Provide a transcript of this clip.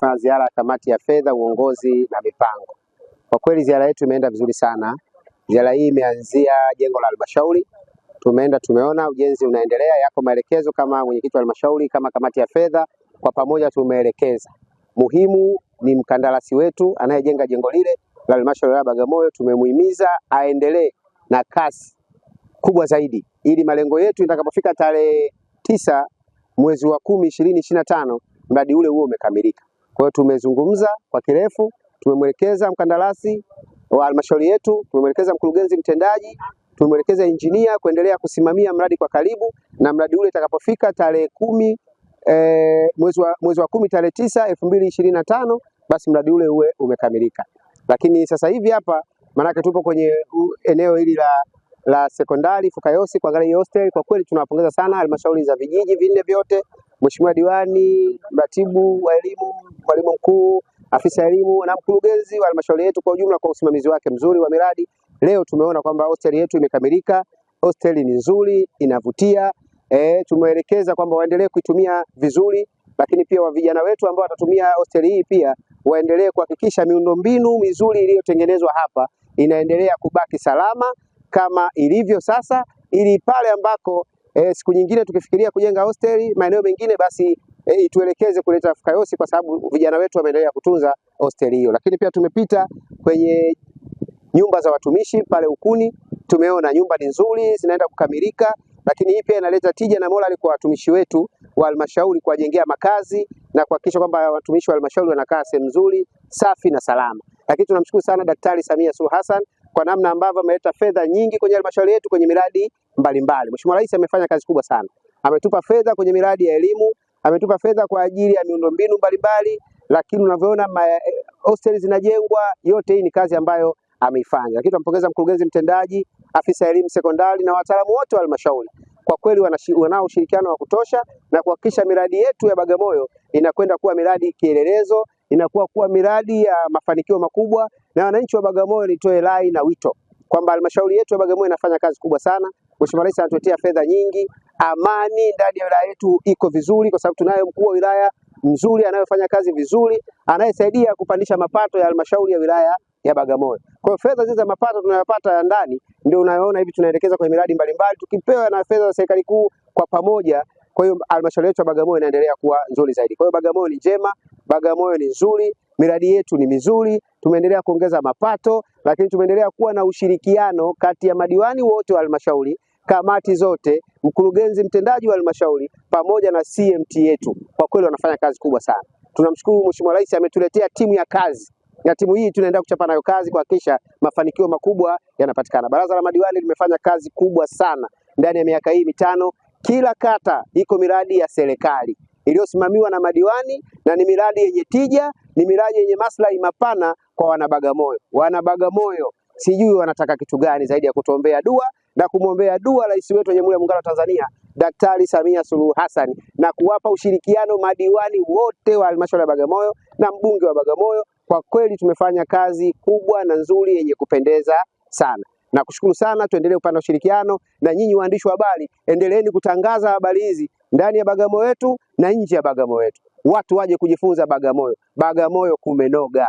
kufanya ziara ya kamati ya fedha, uongozi na mipango. Kwa kweli ziara yetu imeenda vizuri sana. Ziara hii imeanzia jengo la halmashauri, tumeenda tumeona ujenzi unaendelea, yako maelekezo kama mwenyekiti wa halmashauri, kama kamati ya fedha, kwa pamoja tumeelekeza. Muhimu ni mkandarasi wetu anayejenga jengo lile la halmashauri ya Bagamoyo, tumemuhimiza aendelee na kasi kubwa zaidi, ili malengo yetu itakapofika tarehe tisa mwezi wa kumi ishirini ishirini na tano mradi ule huo umekamilika. Kwa hiyo tumezungumza kwa kirefu, tumemwelekeza mkandarasi wa halmashauri yetu, tumemwelekeza mkurugenzi mtendaji, tumemwelekeza injinia kuendelea kusimamia mradi kwa karibu, na mradi ule utakapofika tarehe kumi e, mwezi wa, mwezi wa kumi tarehe tisa elfu mbili ishirini na tano basi mradi ule uwe umekamilika. Lakini sasa hivi hapa maanake tupo kwenye eneo hili la la sekondari Fukayosi kwa hii hostel. Kwa kweli tunawapongeza sana halmashauri za vijiji vinne vyote Mheshimiwa Diwani, mratibu wa elimu, mwalimu mkuu, afisa elimu na mkurugenzi wa halmashauri yetu kwa ujumla kwa usimamizi wake mzuri wa miradi. Leo tumeona kwamba hosteli yetu imekamilika. Hosteli ni nzuri, inavutia. E, tumeelekeza kwamba waendelee kuitumia vizuri, lakini pia wa vijana wetu ambao watatumia hosteli hii pia waendelee kuhakikisha miundombinu mizuri iliyotengenezwa hapa inaendelea kubaki salama kama ilivyo sasa, ili pale ambako E, siku nyingine tukifikiria kujenga hosteli maeneo mengine basi e, ituelekeze kuleta Fukayosi kwa sababu vijana wetu wameendelea kutunza hosteli hiyo. Lakini pia tumepita kwenye nyumba za watumishi pale Ukuni, tumeona nyumba ni nzuri zinaenda kukamilika, lakini hii pia inaleta tija na morali kwa watumishi wetu wa halmashauri kuwajengea makazi na kuhakikisha kwamba watumishi wa halmashauri wanakaa sehemu nzuri safi na salama. Lakini tunamshukuru sana Daktari Samia Suluhu Hassan kwa namna ambavyo ameleta fedha nyingi kwenye halmashauri yetu kwenye miradi mbalimbali. Mheshimiwa Rais amefanya kazi kubwa sana, ametupa fedha kwenye miradi ya elimu, ametupa fedha kwa ajili ya miundombinu mbalimbali, lakini unavyoona eh, hosteli zinajengwa, yote hii ni kazi ambayo ameifanya. Lakini tunampongeza mkurugenzi mtendaji, afisa elimu sekondari na wataalamu wote wa halmashauri kwa kweli wanao ushirikiano wa kutosha na kuhakikisha miradi yetu ya Bagamoyo inakwenda kuwa miradi kielelezo, inakuwa kuwa miradi ya mafanikio makubwa. Na wananchi wa Bagamoyo, nitoe rai na wito kwamba halmashauri yetu ya Bagamoyo inafanya kazi kubwa sana. Mheshimiwa Rais anatuletea fedha nyingi, amani ndani ya wilaya yetu iko vizuri, kwa sababu tunayo mkuu wa wilaya mzuri anayefanya kazi vizuri, anayesaidia kupandisha mapato ya halmashauri ya wilaya ya Bagamoyo. Kwa hiyo fedha zile za mapato tunayopata ya ndani ndio unayoona hivi tunaelekeza kwenye miradi mbalimbali, tukipewa na fedha za serikali kuu kwa pamoja. Kwa hiyo halmashauri yetu ya Bagamoyo inaendelea kuwa nzuri zaidi. Kwa hiyo Bagamoyo ni njema, Bagamoyo ni nzuri, miradi yetu ni mizuri, tumeendelea kuongeza mapato, lakini tumeendelea kuwa na ushirikiano kati ya madiwani wote wa halmashauri kamati zote, mkurugenzi mtendaji wa halmashauri pamoja na CMT yetu, kwa kweli wanafanya kazi kubwa sana. Tunamshukuru Mheshimiwa Rais ametuletea timu ya kazi na timu hii tunaenda kuchapa nayo kazi kuhakikisha mafanikio makubwa yanapatikana. Baraza la madiwani limefanya kazi kubwa sana ndani ya miaka hii mitano. Kila kata iko miradi ya serikali iliyosimamiwa na madiwani na ni miradi yenye tija, ni miradi yenye maslahi mapana kwa Wanabagamoyo. Wanabagamoyo sijui wanataka kitu gani zaidi ya kutuombea dua na kumwombea dua rais wetu wa Jamhuri ya Muungano wa Tanzania Daktari Samia Suluhu Hassan na kuwapa ushirikiano madiwani wote wa halmashauri ya Bagamoyo na mbunge wa Bagamoyo. Kwa kweli tumefanya kazi kubwa na nzuri yenye kupendeza sana. Nakushukuru sana, tuendelee kupanda ushirikiano. Na nyinyi waandishi wa habari, endeleeni kutangaza habari hizi ndani ya Bagamoyo wetu na nje ya Bagamoyo wetu, watu waje kujifunza Bagamoyo. Bagamoyo kumenoga.